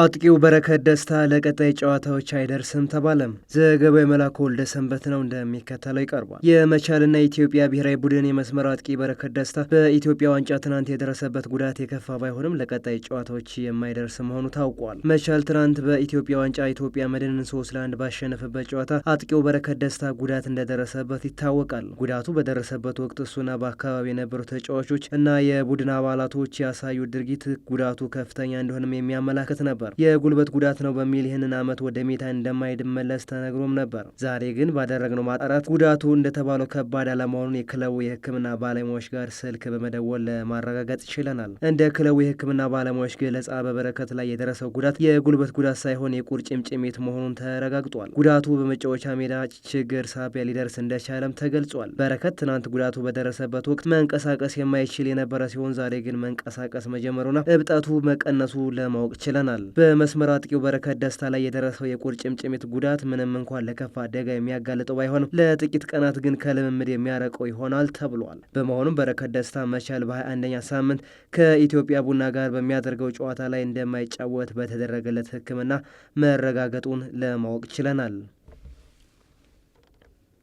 አጥቂው በረከት ደስታ ለቀጣይ ጨዋታዎች አይደርስም ተባለም። ዘገባው መላኩ ወልደ ሰንበት ነው፣ እንደሚከተለው ይቀርቧል። የመቻልና የኢትዮጵያ ብሔራዊ ቡድን የመስመር አጥቂ በረከት ደስታ በኢትዮጵያ ዋንጫ ትናንት የደረሰበት ጉዳት የከፋ ባይሆንም ለቀጣይ ጨዋታዎች የማይደርስ መሆኑ ታውቋል። መቻል ትናንት በኢትዮጵያ ዋንጫ ኢትዮጵያ መድንን ሶስት ለአንድ ባሸነፈበት ጨዋታ አጥቂው በረከት ደስታ ጉዳት እንደደረሰበት ይታወቃል። ጉዳቱ በደረሰበት ወቅት እሱና በአካባቢ የነበሩ ተጫዋቾች እና የቡድን አባላቶች ያሳዩት ድርጊት ጉዳቱ ከፍተኛ እንደሆነም የሚያመላክት ነበር። ነበር። የጉልበት ጉዳት ነው በሚል ይህንን ዓመት ወደ ሜዳ እንደማይድመለስ ተነግሮም ነበር። ዛሬ ግን ባደረግነው ማጣራት ጉዳቱ እንደተባለው ከባድ አለመሆኑን የክለቡ የሕክምና ባለሙያዎች ጋር ስልክ በመደወል ለማረጋገጥ ችለናል። እንደ ክለቡ የሕክምና ባለሙያዎች ገለጻ በበረከት ላይ የደረሰው ጉዳት የጉልበት ጉዳት ሳይሆን የቁርጭምጭሚት መሆኑን ተረጋግጧል። ጉዳቱ በመጫወቻ ሜዳ ችግር ሳቢያ ሊደርስ እንደቻለም ተገልጿል። በረከት ትናንት ጉዳቱ በደረሰበት ወቅት መንቀሳቀስ የማይችል የነበረ ሲሆን ዛሬ ግን መንቀሳቀስ መጀመሩና እብጠቱ መቀነሱ ለማወቅ ችለናል። በመስመር አጥቂው በረከት ደስታ ላይ የደረሰው የቁርጭምጭሚት ጉዳት ምንም እንኳን ለከፋ አደጋ የሚያጋልጠው ባይሆንም ለጥቂት ቀናት ግን ከልምምድ የሚያረቀው ይሆናል ተብሏል። በመሆኑም በረከት ደስታ መቻል በ21ኛ ሳምንት ከኢትዮጵያ ቡና ጋር በሚያደርገው ጨዋታ ላይ እንደማይጫወት በተደረገለት ሕክምና መረጋገጡን ለማወቅ ችለናል።